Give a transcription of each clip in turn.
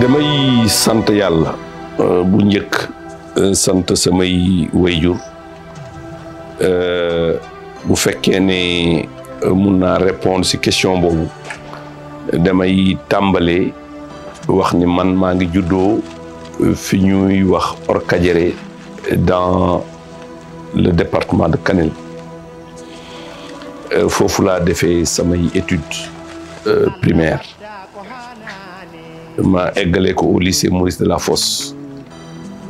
damay sant yàlla euh, bu njëkk euh, sant samay wayjur euh, bu fekkee ne mun naa répondre si question boobu damay tàmbale wax ni man maa ngi juddoo fi ñuy wax Orkadiéré dans le département de Kanel foofu laa defee samay études primaires ma eggalee ko au lycée Maurice Delafosse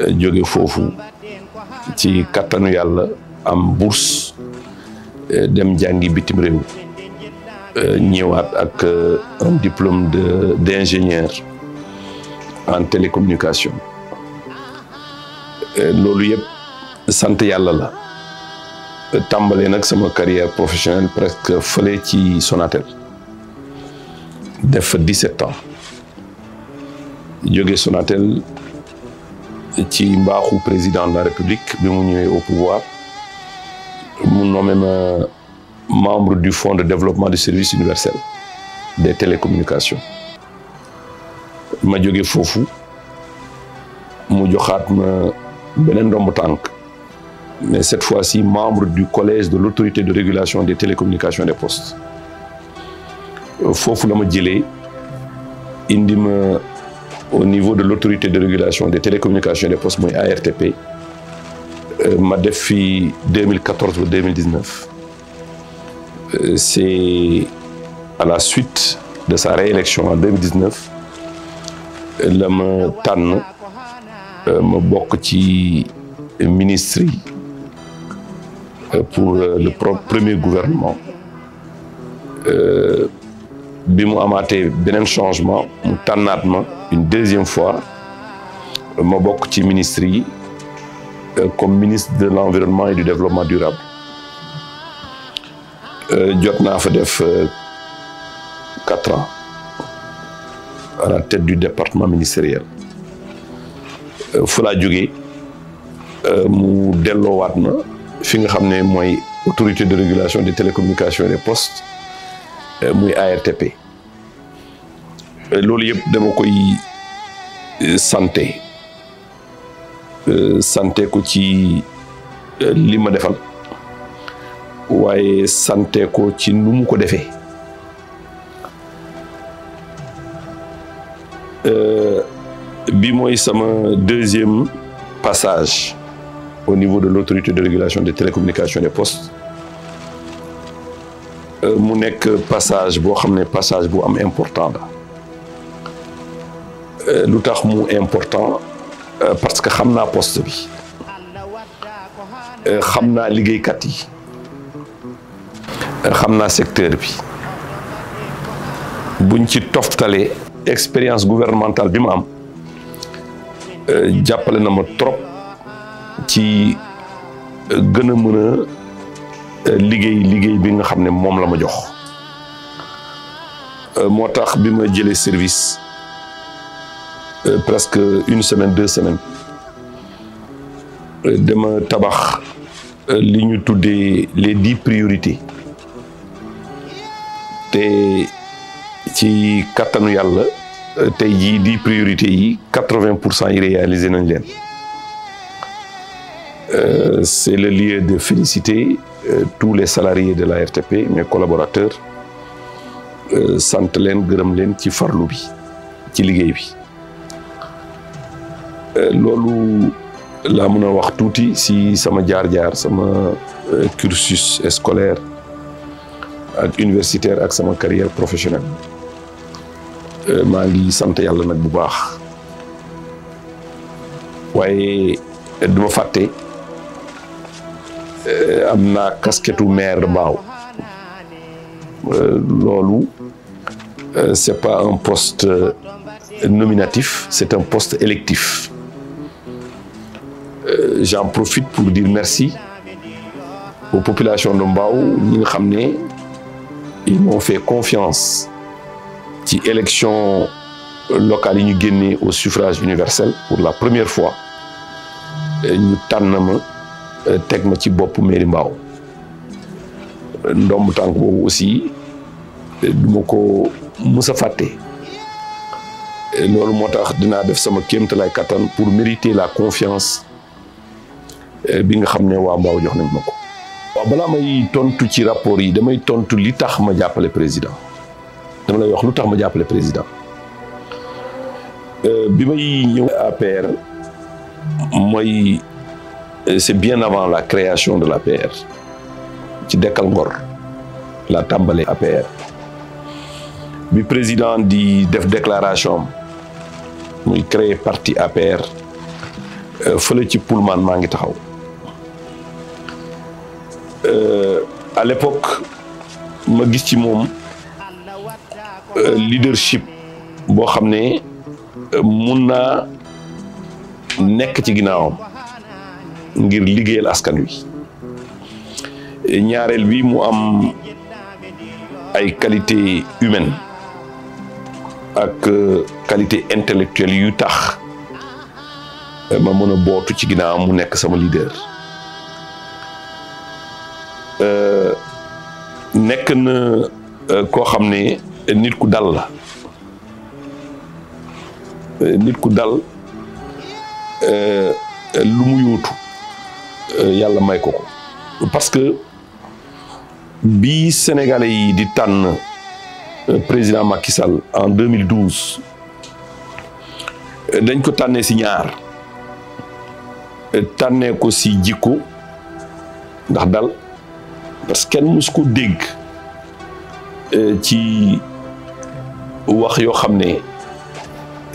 euh, jóge foofu ci kattanu yàlla am bourse euh, dem jàngi bitim réew euh, ñëwaat ak un diplôme de d'ingénieur en télécommunication loolu yëpp sant yàlla la tàmbalee nag sama carrière professionnelle presque fële ci Sonatel def fa 17 ans jóge Sonatel ci mbaaxu président de la République bi mu ñëwee au pouvoir mu nommé ma membre du fonds de développement du service universel des télécommunications ma jóge foofu mu joxaat ma beneen ndomb tànk mais cette fois-ci membre du collège de l'autorité de régulation des télécommunications des postes foofu la ma jëlee indima au niveau de l'autorité de régulation des télécommunications et des postes muy ARTP euh, ma def fi 2014 ba 2019 euh, c'est à la suite de sa réélection en 2019 la ma tànn euh, ma bokk ci ministre yi pour le premier gouvernement bi mu amaatee beneen changement mu tànnaat ma une deuxième fois ma bokk ci ministre yi euh, comme ministre de l'environnement et du développement durable euh, jot naa fa def euh, quatre ans à la tête du département ministériel fu laa jógee mu delloowaat na fi nga xam ne mooy autorité de régulation de télécommunications et des postes muy ARTP Euh, loolu yëpp dama koy santé euh, santé euh, ko ci li ma defal waaye santé ko ci nu mu ko defee bi mooy sama deuxième passage au niveau de l'autorité de régulation de télécommunications des postes mu nekk passage boo xam ne passage bu am important la Euh, lu tax mu important euh, parce que xam naa post bi euh, xam naa liggéeykat yi xam naa secteur bi buñ ci toftalee expérience gouvernementale bi ma am jàppale na ma trop ci gën a mën a liggéey liggéey bi nga xam ne moom la ma jox moo tax bi ma jëlee service Euh, presque une semaine deux semaine euh, dama tabax euh, li ñu tuddee les di priorités te ci kattanu yàlla tey jii di priorités yi quatre-vingts pour cent yi réalisé nañ leen c'est le lieu de féliciter euh, tous les salariés de la RTP mes collaborateurs sant leen gërëm leen ci farlu bi ci liggéey bi Euh, loolu laa mën a wax tuuti si sama jaar-jaar sama euh, cursus scolaire ak universitaire ak sama carrière professionnelle euh, maa ngi sant yàlla nag bu baax waaye du fàtte am naa kasketu maire Mbao loolu c'est pas un poste nominatif c'est un poste électif euh, j'en profite pour dire merci aux population de Mbao ñi nga xam ne ils m'ont fait confiance ci élection locale yi ñu génnee au suffrage universel pour la première fois euh, ñu tànn ma euh, teg ma ci boppu mairie Mbao ndomb tànk boobu aussi euh, du ko mus fàtte loolu moo tax dinaa def sama kéemtalaay kattan pour mériter la confiance Euh, bi nga xam ne waa Mbao jox nañ ma ko. waaw balaa may tontu ci rapport yi damay tontu li tax ma jàppale président dama lay wax lu tax ma jàppale président euh, bi may ñëw APR mooy euh, c'est bien avant la création de la l'APR ci dekkal ngor la tàmbale APR bi président di def déclaration am muy créer parti APR fële ci Pullman maa ngi taxaw. Euh, à ma gis ci moom euh, leadership boo xam ne euh, mun naa nekk ci ginnaawam ngir liggéeyal askan wi ñaareel bi mu am ay qualité humaine ak qualité intellectuelle yu tax ma mën a bootu ci ginnaawam mu nekk sama leader Euh, nekk na euh, koo xam ne nit ku dal la euh, nit ku dal lu mu yóotu yàlla may ko ko parce que bi sénégalais yi di tànn président Macky Sall en 2012 dañ ko tànnee si ñaar tànnee ko si jikko ndax dal parce que kenn mus ko dégg euh, ci wax yoo xam ne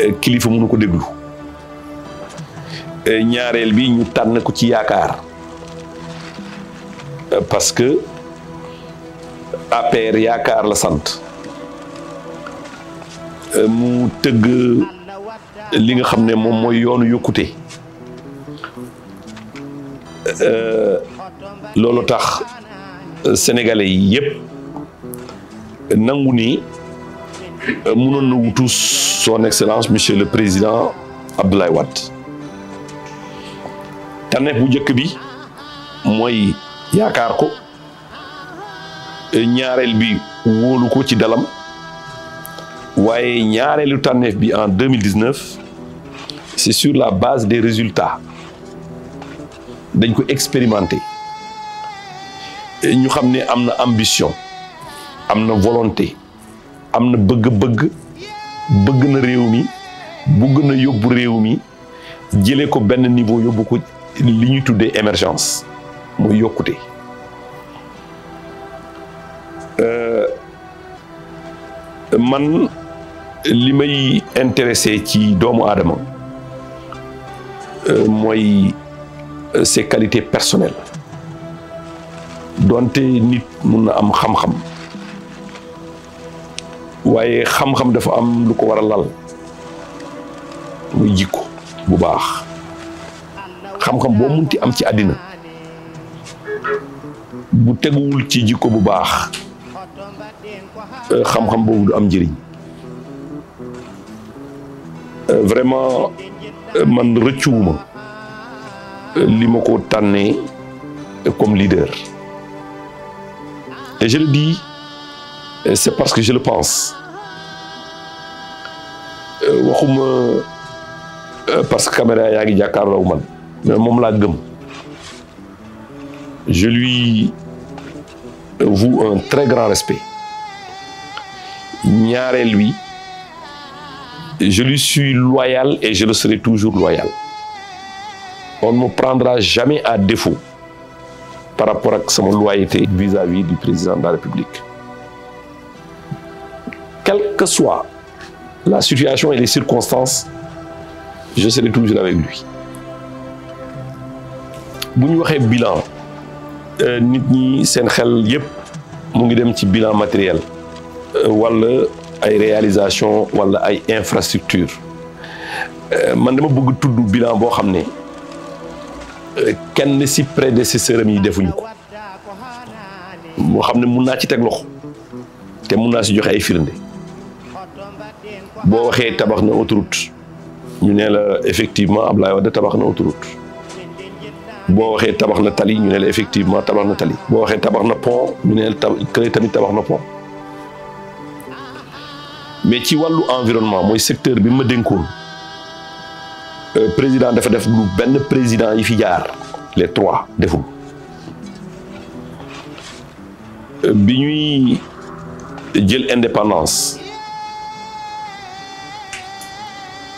euh, kilifa mënu ko déglu euh, ñaareel bi ñu tànn ko ci yaakaar parce que APR yaakaar la sant mu tëgg li nga xam ne moom mooy yoonu yokkute loolu tax sénégalais yi yëpp nangu ni euh, mënoon na wutu son excellence monsieur le président Abdoulaye Wade tànneef bu njëkk bi mooy yaakaar ko ñaareel bi wóolu ko ci dalam waaye ñaareelu tànneef bi en deux mille dix-neuf c'est sur la base des résultats dañ ko expérimenter. ñu xam ne am na ambition am na volonté am na bëgg-bëgg bëgg na réew mi bëgg na yóbbu réew mi jëlee ko benn niveau yóbbu ko li ñuy tuddee émergence mooy yokkute euh, man li may intéressé ci doomu aadama euh, mooy euh, ses qualité personnel donte nit mun na am xam-xam waaye xam-xam dafa am lu ko war a lal muy jikko bu baax xam-xam boo munti am ci àddina bu teguwul ci jikko bu baax euh, xam-xam boobu du am njëriñ euh, vraiment euh, man rëccuwuma li ma ko tànnee comme leader Et je le dis, c'est parce que je le pense. Euh, waxuma euh, parce que caméra yaa ngi jàkkaarloo man mais moom laa gëm je lui voue un très grand respect ñaareel wi je lui suis loyal et je le serai toujours loyal on ne me prendra jamais à défaut par rapport ak sama loyauté vis-à-vis du président de la République quelle que soit la situation et les circonstances je serai toujours avec lui bu ñu waxee bilan euh, nit ñi seen xel yépp mu ngi dem ci bilan matériel euh, walla ay réalisation wala ay infrastructure euh, man dama bëgg tudd bilan boo xam ne kenn si prédécesseur yi defuñu ko moo xam ne mun naa ci teg loxo te mun naa si joxe ay firnde boo waxee tabax na autoroute ñu ne la effectivement Ablaye Wade tabax na autoroute boo waxee tabax na tali ñu ne la effectivement tabax na tali boo waxee tabax na pont ñu ne la kële tamit tabax na pont mais ci wàllu environnement mooy secteur bi ma dénkoon. Euh, président dafa def lu benn président yi fi jaar les trois deful euh, bi ñuy jël indépendance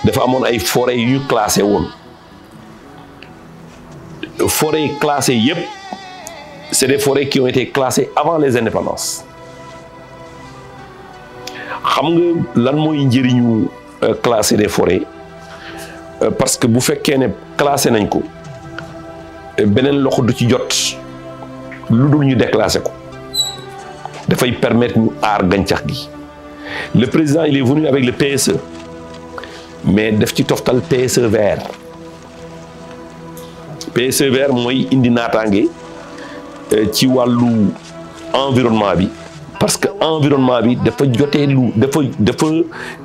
dafa amoon ay forêt yu ñu classé woon forêt yi classé yëpp c'est des forêts qui ont été classées avant les indépendances xam nga lan mooy njëriñu euh, classer des forêts Euh, parce que bu fekkee ne classé nañ ko beneen loxo du ci jot lu dul ñu déclassé ko dafay permettre ñu aar gàncax gi le président il est venu avec le PSE mais def ci toftal PSE vert PSE vert mooy indi naataange euh, ci wàllu environnement bi parce que environnement bi dafa jotee lu dafa dafa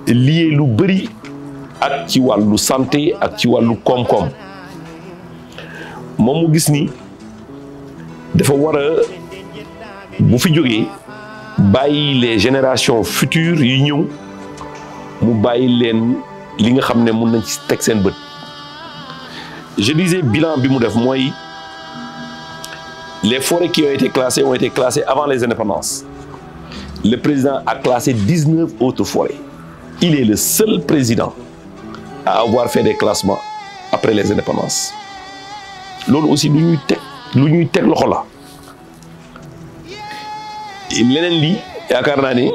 lié lu bëri ak ci wàllu santé ak ci wàllu koom moom mu gis ni dafa war bu fi jógee bàyyi les générations futures yi ñëw mu bàyyi leen li nga xam ne mun nañ ci teg seen bët je disais bilan bi mu def mooy les forêts qui ont été classées ont été classées avant les indépendances le président a classé dix-neuf autres forêts il est le seul président à avoir fait des classements après les indépendances loolu aussi lu ñuy teg lu ñuy teg loxo la leneen lii yaakaar naa ni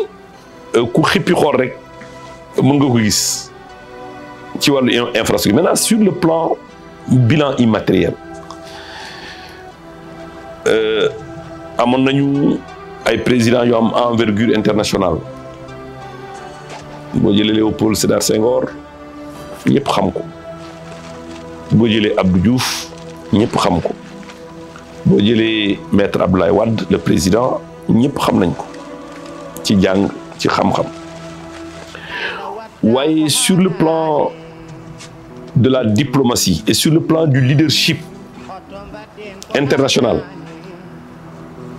euh, ku xippi xool rek mën nga ko gis ci wàllu infrastructure maintenant sur le plan bilan immatériel euh, amoon nañu ay présidents yu am envergure internationale boo jëlee Léopold Sédar Senghor ñëpp xam ko boo jëlee Abdou Diouf ñëpp xam ko boo jëlee maître Abdoulaye Wade le président ñëpp xam nañ ko ci jàng ci xam-xam waaye sur le plan de la diplomatie et sur le plan du leadership international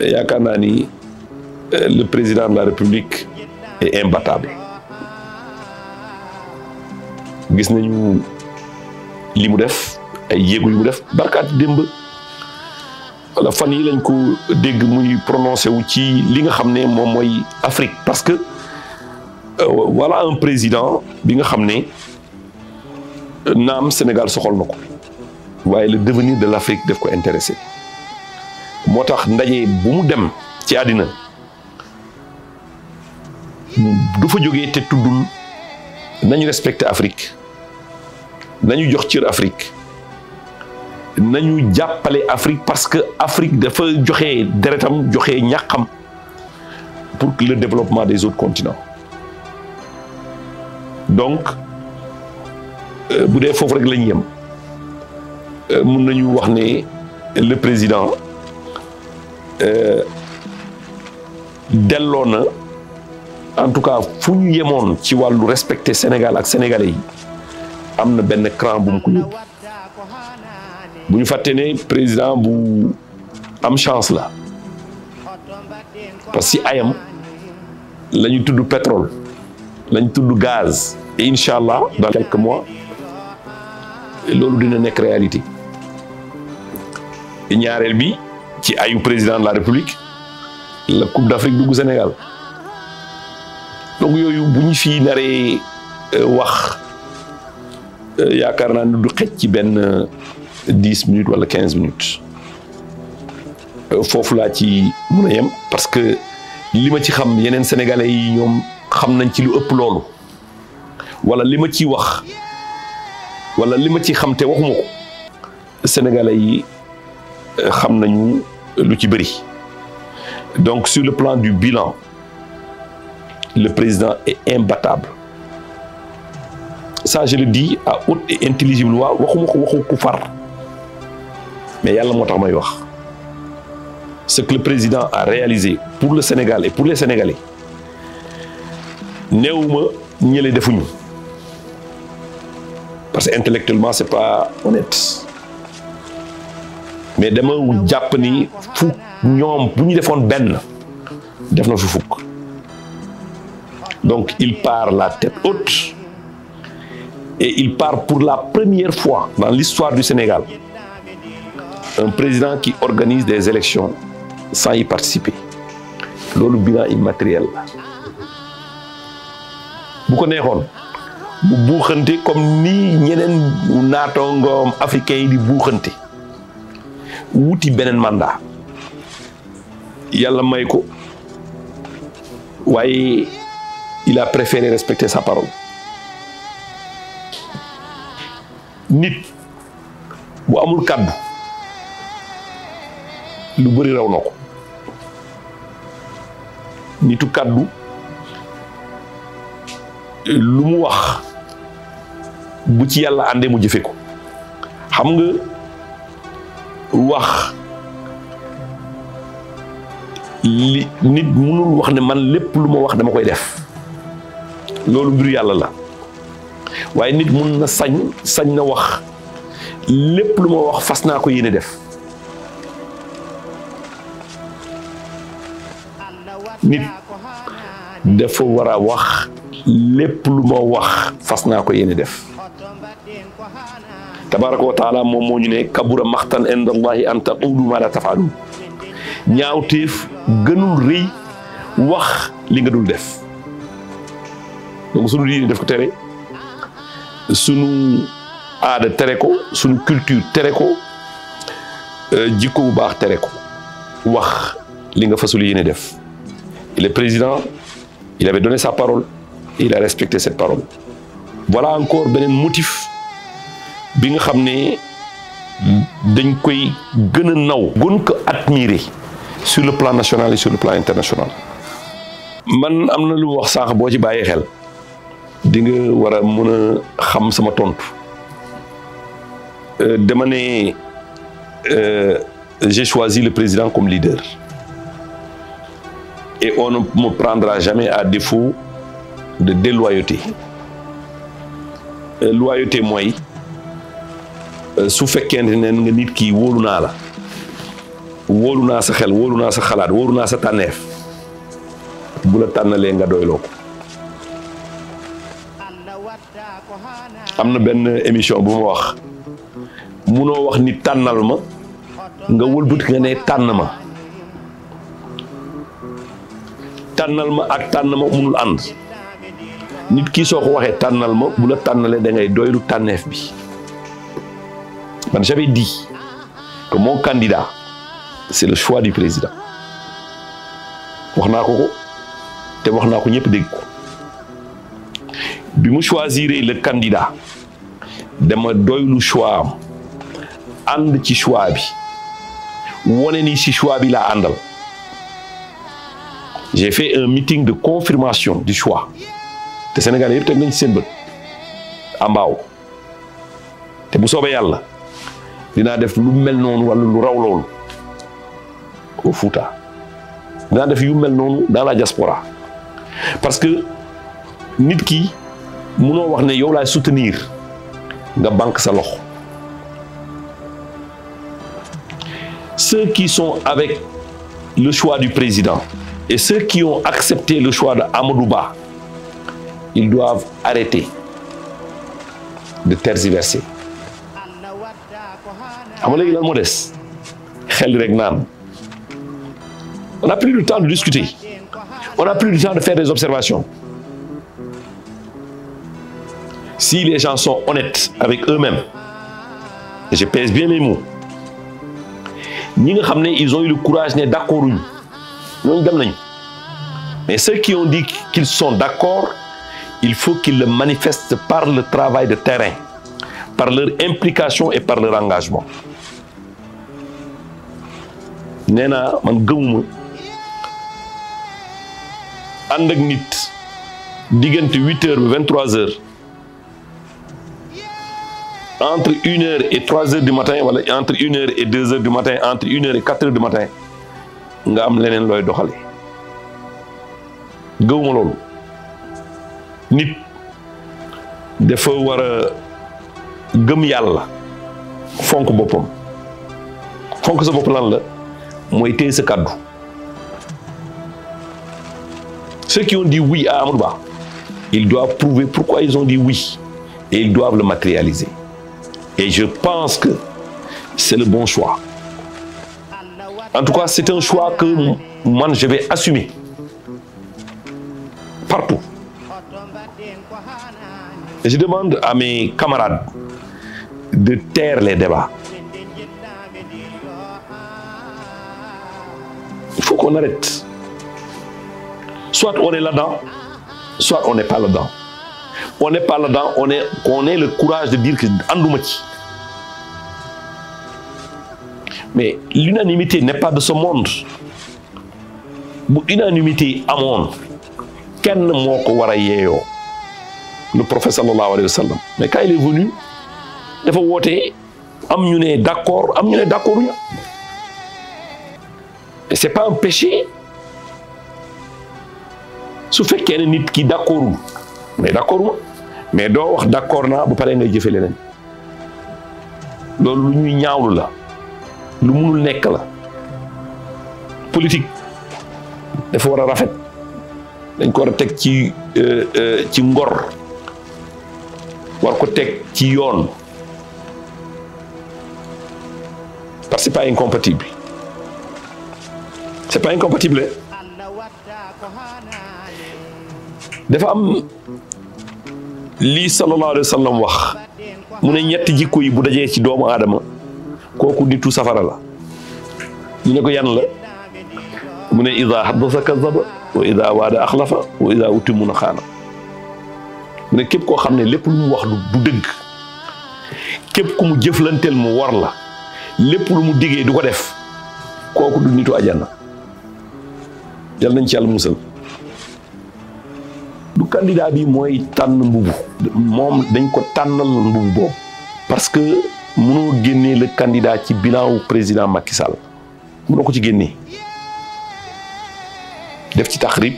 yaakaar naa ni euh, le président de la République est imbattable gis nañu li mu def ay yéegu yu mu def barkaat démb wala fan yi lañ ko dégg muy prononcé wu ci li nga xam ne moom mooy Afrique parce que wala euh, un président bi nga xam ne naam Sénégal soxal na ko waaye le devenir de l'Afrique def ko intéressé moo tax ndaje bu mu dem ci àddina du fa jógee te tuddul nañu respecté Afrique nañu jox cër Afrique nañu jàppale Afrique parce que Afrique dafa joxe deretam joxe ñàkkam pour le développement des autres continents donc euh, bu dee foofu rek la yem euh, mun nañu wax ne le président euh, delloo na en tout cas fu ñu yemoon ci wàllu respecter Sénégal ak sénégalais yi. am na benn cran bu mu ko yóbbu bu ñu fàtte ne président bu am chance la parce que ayam la tudd pétrole la tudd gaz et allah dans quelques mois loolu dina nekk réalité ñaareel bi ci ayu président de la république la coupe d'Afrique dugg Sénégal donc yooyu bu ñu fii naree euh, wax Euh, yaakaar naa ne du xëj ci benn euh, dix minutes wala quinze minutes euh, foofu laa ci mun a yem parce que li ma ci xam yeneen sénégalais yi ñoom xam nañ ci lu ëpp loolu wala li ma ci wax wala li ma ci xam te waxuma ko yi xam nañu lu ci bëri donc sur le plan du bilan le président est imbatable ça je le dis à haute et intelligible waa waxuma ko ku far mais yàlla moo tax may wax ce que le président a réalisé pour le Sénégal et pour le Sénégalais néewuma ñële defuñu parce que intellectuellement c'est pas honnête mais dama jàpp ni fukk ñoom bu defoon benn def na fi fukk donc il part la tête haute Et il par pour la première fois dans l'histoire du Sénégal. Un président qui organise des élections sans y participer. loolu bilan immatériel bu ko neexoon mu buuxante comme ni ñeneen naatoongoom africain yi di buuxante wuti beneen mandat yàlla may ko waaye il a préféré respecter sa parole nit bu amul kàddu lu bëri raw na ko nitu kàddu lu mu wax bu ci yàlla àndee mu jëfe ko xam nga wax li nit mënul wax ne man lépp lu ma wax dama koy def loolu mbiru yàlla la waaye nit mun na sañ sañ na wax lépp lu ma wax fas naa ko yéene def nit dafa war a wax lépp lu ma wax fas naa ko yéene def tabaraka wa taala moom moo ñu ne kabura maxtan inda allahi an taqulu ma la tafaaluun ñaawteef gënul rëy wax li nga dul def donc sunu diine def ko tere sunu aada tere ko sunu culture tere ko euh, jikko bu baax tere ko wax li nga fasul yéene def le président il avait donné sa parole et il a respecté cette parole voilà encore beneen motif bi nga xam ne dañ koy gën a naw gën ko admirer sur le plan national et sur le plan international man am na lu wax sànq boo ci bàyyi xel di nga war a mën a xam sama tontu euh, dama ne euh, j'ai choisi le président comme leader et on ne me prendra jamais à défaut de déloyauté euh, loyauté mooy su fekkee ne nga nit kii wóolu naa la wóolu naa sa xel woolu naa sa xalaat wóolu naa sa tànneef bula tànnalee nga doyloo ko am na benn émission bu ma wax munoo wax ni tànnal ma nga wëlbati nga ne tànn ma tànnal ma ak tànn ma munul ànd nit kii soo ko waxee tànnal ma bu la tànnalee da ngay doylu tànneef bi man j'avais dit que mon candidat c'est le choix du président wax naa ko ko te wax naa ko ñëpp dégg ko bi mu choisir le candidat dama doylu choix am ànd ci choix bi wone ni ci choix bi laa àndal j'ai un meeting de confirmation du choix te Sénégalais yëpp teg nañ ci seen bët te mu soobee yàlla dinaa def lu mel noonu wala lu raw loolu au Fouta def yu mel noonu dans la diaspora parce que nit ki munoo wax ne yow laay soutenir nga banque sa loxo ceux qui sont avec le choix du président et ceux qui ont accepté le choix de Amadou Ba ils doivent arrêter de tergiverser xam nga léegi lan moo des xel rek naan on n'a plus le temps de discuter on n'a plus le temps de faire des observations si les gens sont honnêtes avec eux-mêmes, et je pèse bien mes mots, ils ont eu le courage d'être d'accord. Mais ceux qui ont dit qu'ils sont d'accord, il faut qu'ils le manifestent par le travail de terrain, par leur implication et par leur engagement. Nena, man gëmuma and ak nit diggante 8 heures ba 23 heures entre une heure et trois heures du matin wala entre une heure et deux heures du matin entre une heure et quatre heures du matin nga am leneen looy doxal gëwuma loolu nit dafa war a gëm yàlla fonk boppam fonk sa bopp lan la mooy téye sa kàddu ceux qui ont dit oui à Amadou Ba ils doivent prouver pourquoi ils ont dit oui et ils doivent le matérialiser Et je pense que c'est le bon choix. En tout cas, c'est un choix que moi, je vais assumer. Partout. Et je demande à mes camarades de taire les débats. Il faut qu'on arrête. Soit on est là-dedans, soit on n'est pas là-dedans. On n'est pas là-dedans, on, est, on ait le courage de dire que Andoumati. mais l'unanimité n'est pas de ce monde bu unanimité amoon kenn moo ko war a yeeyoo lu prophète sallallahu alayhi wa sallam mais quand il est venu dafa woote am ñu ne d'accord am ñu ne d'accord ñu et c'est su fekkee ne nit ki d'accordul mais d'accord ma mais doo wax d'accord na bu paree ngay jëfe leneen loolu ñuy ñaawlu la lu munul nekk la politique dafa war a rafet dañ ko war a teg ci euh, euh, ci ngor war ko teg ci yoon parce que c'est pas incompatible c'est pas dafa am lii sallallahu alayhi wa wax mu ne ñetti jikko yi bu dajee ci doomu aadama kooku nitu safara la ñu ne ko yan la mu ne ida haddasa kazaba wa ida waada axlafa wa ida uti mun a xaana mu ne képp koo xam ne lépp lu mu wax du dëgg képp ku mu jëflanteel mu war la lépp lu mu diggee du ko def kooku du nitu ajana yal nañ ci yàlla musal du candidat bi mooy tànn mbubu moom dañ ko tànnal mbubu boobu mënoo génnee le candidat ci bilan wu président Macky Sall ko ci génnee def ci taxrib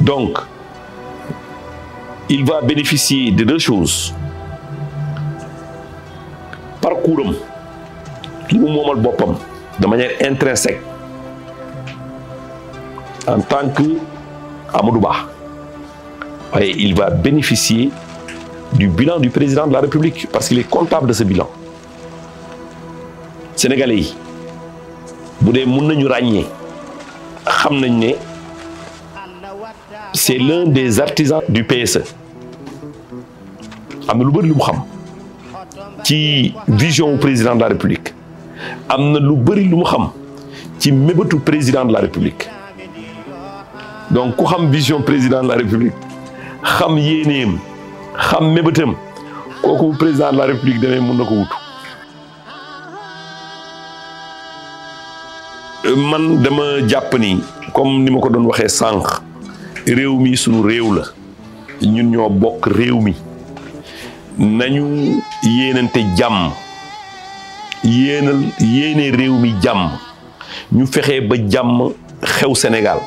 donc il va bénéficier de deux choses parcours am mu moomal boppam de manière intrinsèque en tant que Amadou Ba waaye il va bénéficier du bilan du président de la République, parce qu'il est comptable de ce bilan. Sénégalais yi bu dee mun nañu ràññee xam nañ ne c'est l'un des artisans du PSE am na lu bëri lu mu xam ci vision wu président de la République am na lu bëri lu xam ci mébétu président la République donc ku xam vision président de la République xam yéeneem xam mébétam kooku président de la république demee mun na ko wut. man dama jàpp ni comme ni ma ko doon waxee sànq réew mi sunu réew la ñun ñoo bokk réew mi nañu yéenante jàmm yéenal yéene réew mi jàmm ñu fexe ba jàmm xew Sénégal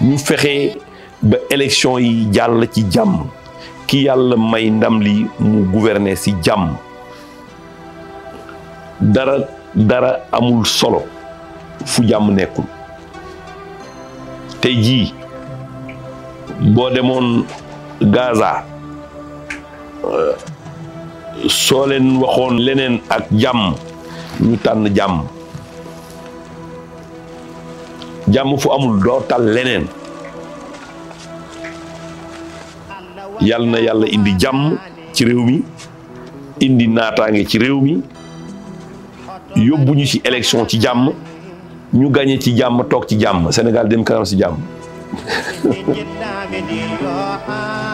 ñu fexe ba élection yi jàll ci jàmm ki yàlla may ndam li mu gouverner ci jàmm dara dara amul solo fu jàmm nekkul te jii boo demoon Gaza euh, soo leen waxoon leneen ak jàmm ñu tànn jàmm jàmm fu amul doo tal leneen yal na yàlla indi jàmm ci réew mi indi naataange ci réew mi yóbbu ñu ci élection ci jàmm ñu gañe ci jàmm toog ci jàmm Sénégal dem kanam si jàmm